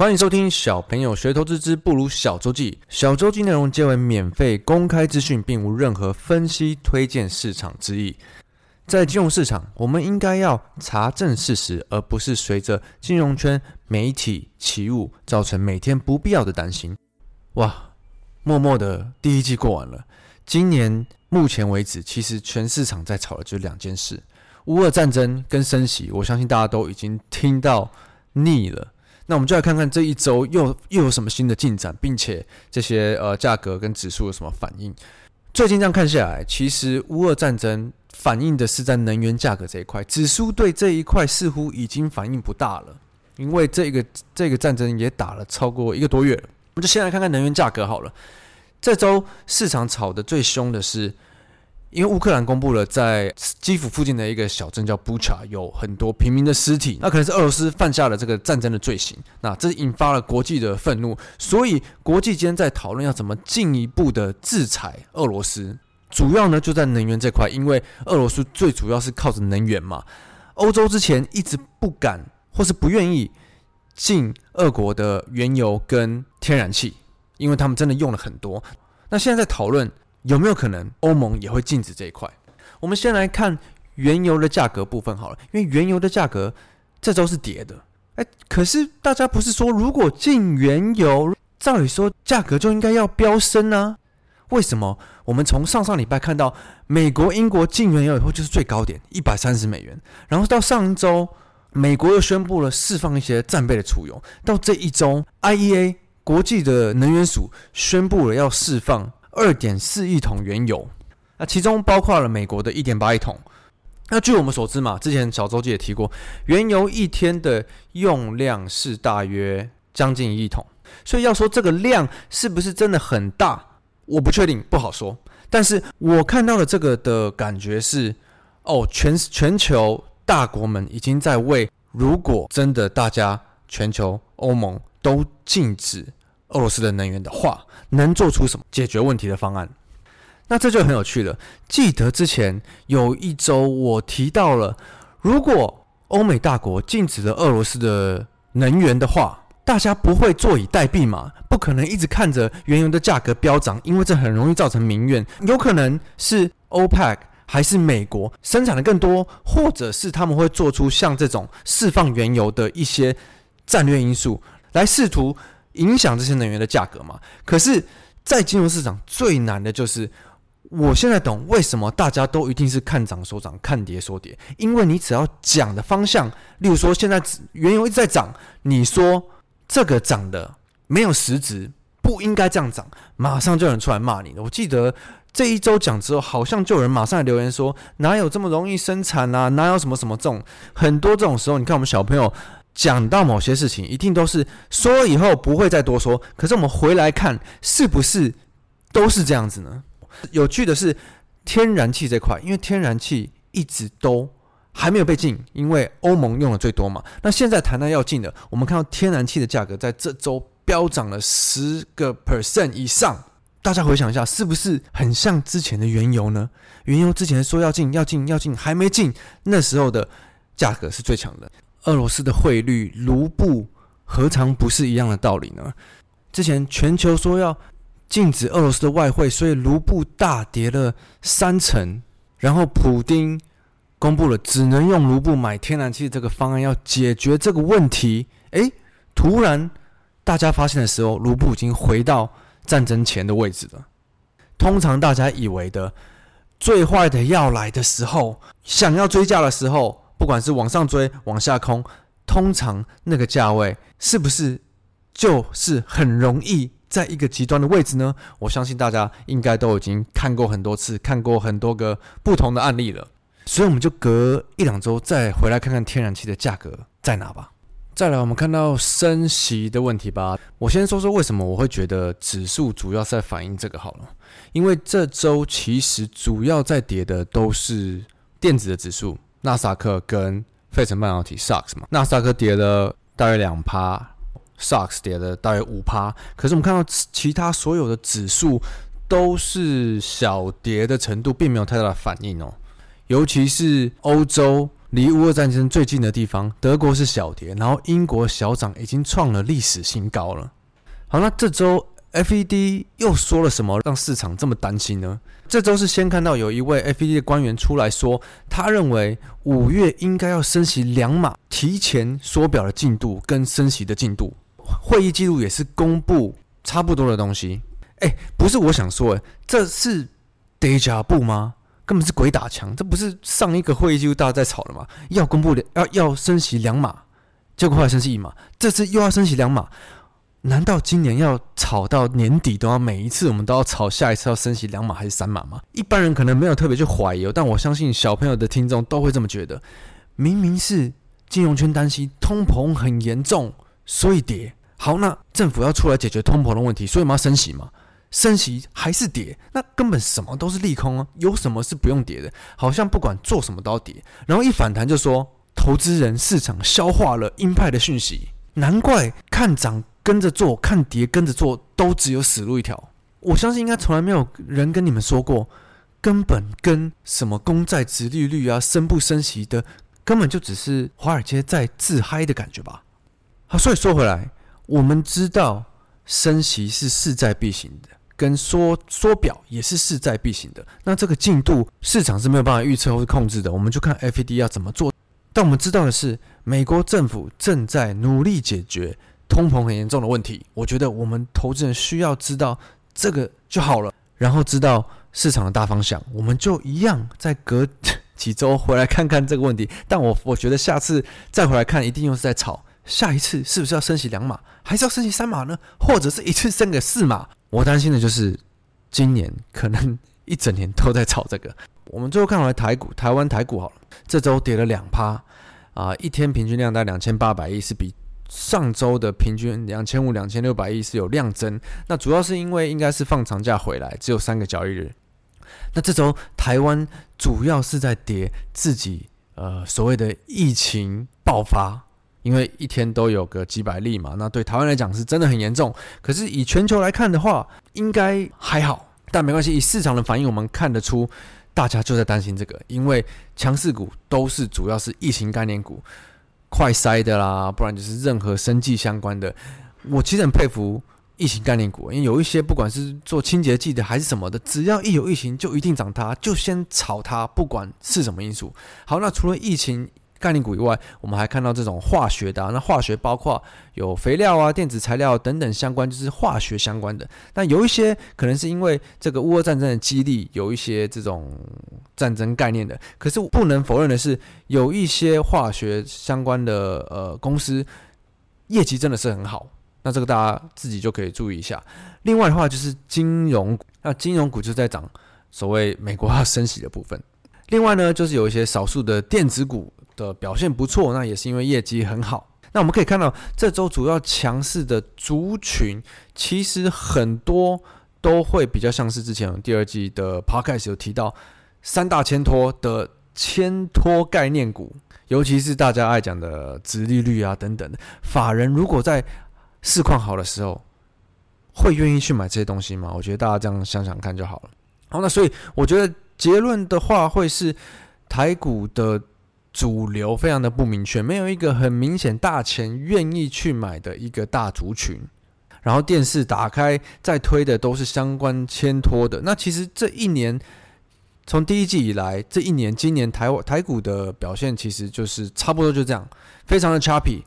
歡迎收聽《小朋友學投資之不魯小週記》，小週記內容皆為免費公開資訊，並無任何分析推薦市場之意。在金融市場，我們應該要查證事實，而不是隨着金融圈媒體起舞，造成每天不必要的擔心。哇，默默的，第一季過完了。今年目前為止，其實全市場在炒的就兩件事：烏俄戰爭跟升息。我相信大家都已經聽到膩了。那我們就來看看這一周又又有什麼新的進展，並且這些呃價格跟指數有什麼反應。最近這樣看下來，其實烏俄戰爭反映的是在能源價格這一塊，指數對這一塊似乎已經反應不大了，因為這個這個戰爭也打了超過一個多月了。我們就先來看看能源價格好了。這周市場炒得最兇的是。因為烏克蘭公布了在基輔附近的一個小鎮叫布恰有很多平民的屍體，那可能是俄羅斯犯下了這個戰爭的罪行，那這引發了國際的憤怒，所以國際間在討論要怎麼進一步的制裁俄羅斯，主要呢就在能源這塊，因為俄羅斯最主要是靠着能源嘛，歐洲之前一直不敢或是不願意禁俄國的原油跟天然氣，因為他們真的用了很多，那現在在討論。有沒有可能歐盟也會禁止這一塊？我們先來看原油的價格部分好了，因為原油的價格這周是跌的。哎、欸，可是大家不是說如果禁原油，照理說價格就應該要飆升呢、啊？為什麼？我們從上上禮拜看到美國、英國禁原油以後就是最高點一百三十美元，然後到上周美國又宣布了釋放一些戰備的儲油，到這一周 IEA 國際的能源署宣布了要釋放。二點四億桶原油，那其中包括了美國的一點八億桶。那據我們所知嘛，之前小週記也提過，原油一天的用量是大約將近一億桶。所以要說這個量是不是真的很大，我不確定，不好說。但是我看到的這個的感覺是，哦，全全球大國們已經在為，如果真的大家全球歐盟都禁止。俄羅斯的能源的話，能做出什麼解決問題的方案？那這就很有趣了。記得之前有一周，我提到了，如果歐美大國禁止了俄羅斯的能源的話，大家不會坐以待斃嘛？不可能一直看着原油的價格飆漲，因為這很容易造成民怨。有可能是 OPEC 還是美國生產的更多，或者是他們會做出像這種釋放原油的一些戰略因素，來試圖。影響這些能源的價格嘛？可是，在金融市場最難的就是，我現在懂為什麼大家都一定是看漲說漲，看跌說跌。因為你只要講的方向，例如說現在原油一直在漲，你說這個漲的沒有實質，不應該這樣漲，馬上就有人出來罵你了。我記得這一週講之後，好像就有人馬上來留言說：“哪有這麼容易生產啊？哪有什麼什麼這種，很多這種時候，你看我們小朋友。”講到某些事情，一定都是說以後不會再多說。可是我們回來看，是不是都是這樣子呢？有趣的是，天然氣這塊，因為天然氣一直都還沒有被禁，因為歐盟用的最多嘛。那現在談到要禁的，我們看到天然氣的價格在這周飆漲了十個 percent 以上。大家回想一下，是不是很像之前的原油呢？原油之前說要禁，要禁，要禁，還沒禁，那時候的價格是最強的。俄羅斯的匯率盧布何嘗不是一樣的道理呢？之前全球說要禁止俄羅斯的外匯，所以盧布大跌了三成。然後普丁公布了只能用盧布買天然氣這個方案，要解決這個問題。誒，突然大家發現的時候，盧布已經回到戰爭前的位置了。通常大家以為的最壞的要來的時候，想要追價的時候。不管是往上追，往下空，通常那個價位是不是就是很容易在一個極端的位置呢？我相信大家應該都已經看過很多次，看過很多個不同的案例了。所以我們就隔一兩周再回來看看天然氣的價格在哪吧。再來，我們看到升息的問題吧。我先說說為什麼我會覺得指數主要是在反映這個好了，因為這周其實主要在跌的都是電子的指數。納斯達克跟費城半導體 SOX 嘛，納斯達克跌了大約兩趴，SOX 跌了大約五趴。可是我們看到其他所有的指數都是小跌的程度，並沒有太大的反應哦、喔。尤其是歐洲離俄烏戰爭最近的地方，德國是小跌，然後英國小漲，已經創了歷史新高了。好，那這週。FED 又說了什麼讓市場這麼擔心呢？這周是先看到有一位 FED 的官員出來說，他認為五月應該要升息兩碼，提前縮表的進度跟升息的進度，會議記錄也是公布差不多的東西。欸、不是我想說、欸，這是 d e 步嗎？根本是鬼打牆，這不是上一個會議記錄大家在吵了嗎？要公布的要要升息兩碼，結果後來升息一碼，這次又要升息兩碼。難道今年要炒到年底，都要每一次我們都要炒下一次要升息兩碼還是三碼嗎？一般人可能沒有特別去懷疑，但我相信小朋友的聽眾都會這麼覺得。明明是金融圈擔心通膨很嚴重，所以跌。好，那政府要出來解決通膨的問題，所以我們要升息嗎？升息還是跌？那根本什麼都是利空啊！有什麼是不用跌的？好像不管做什麼都要跌，然後一反彈就說投資人市場消化了鷹派的訊息，難怪看漲。跟着做看跌，跟着做都只有死路一條。我相信應該從來沒有人跟你們說過，根本跟什麼公債殖利率啊、升不升息的，根本就只是華爾街在自嗨的感覺吧。好，所以說回來，我們知道升息是勢在必行的，跟縮縮表也是勢在必行的。那這個進度市場是沒有辦法預測或是控制的，我們就看 FED 要怎麼做。但我們知道的是，美國政府正在努力解決。通膨很嚴重的問題，我覺得我們投資人需要知道這個就好了，然後知道市場的大方向，我們就一樣再隔幾週回來看看這個問題。但我我覺得下次再回來看，一定又是在炒。下一次是不是要升息兩碼，還是要升息三碼呢？或者是一次升個四碼？我擔心的就是今年可能一整年都在炒這個。我們最後看完台股，台灣台股好了，這週跌了兩趴啊，一天平均量在兩千八百億，是比上周的平均兩千五兩千六百億是有量增，那主要是因為應該是放長假回來，只有三個交易日。那這周台灣主要是在跌，自己呃所謂的疫情爆發，因為一天都有個幾百例嘛，那對台灣來講是真的很嚴重。可是以全球來看的話，應該還好，但沒關係。以市場的反應，我們看得出大家就在擔心這個，因為強勢股都是主要是疫情概念股。快篩的啦，不然就是任何生技相關的。我其實很佩服疫情概念股，因為有一些不管是做清潔劑的還是什麼的，只要一有疫情就一定漲它，就先炒它，不管是什麼因素。好，那除了疫情。概念股以外，我們還看到這種化學的啊，那化學包括有肥料啊、電子材料等等相關，就是化學相關的。那有一些可能是因為這個烏俄戰爭的激勵，有一些這種戰爭概念的。可是，我不能否認的是，有一些化學相關的呃公司業績真的是很好，那這個大家自己就可以注意一下。另外的話，就是金融股，那金融股就在漲，所謂美國要升息的部分。另外呢，就是有一些少數的電子股。的表現不錯，那也是因為業績很好。那我們可以看到，這週主要強勢的族群，其實很多都會比較像是之前第二季的 Podcast 有提到三大千托的千托概念股，尤其是大家愛講的殖利率啊等等。法人如果在市況好的時候，會願意去買這些東西嗎？我覺得大家這樣想想看就好了。好，那所以我覺得結論的話，會是台股的。主流非常的不明確，沒有一個很明顯大錢願意去買的一個大族群，然後電視打開在推的都是相關牽拖的。那其實這一年從第一季以來，這一年今年台台股的表現其實就是差不多就這樣，非常的 choppy，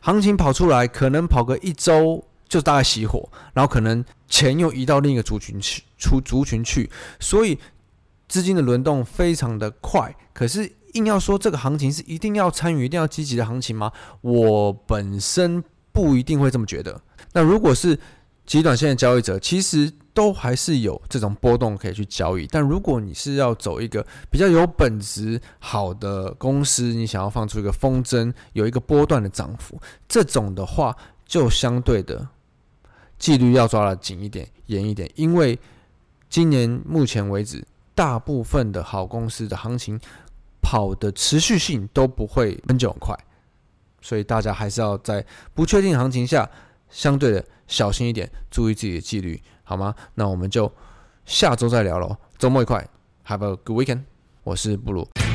行情跑出來可能跑個一周就大概熄火，然後可能錢又移到另一個族群去出族群去，所以資金的輪動非常的快，可是。硬要說這個行情是一定要參與、一定要積極的行情嗎？我本身不一定會這麼覺得。那如果是極短線的交易者，其實都還是有這種波動可以去交易。但如果你是要走一個比較有本質好的公司，你想要放出一個風箏，有一個波段的漲幅，這種的話，就相對的紀律要抓得緊一點、嚴一點，因為今年目前為止，大部分的好公司的行情跑的持續性都不會很久很快，所以大家還是要在不確定行情下相對的小心一點，注意自己的紀律，好嗎？那我們就下周再聊咯，周末愉快，Have a good weekend，我是布魯。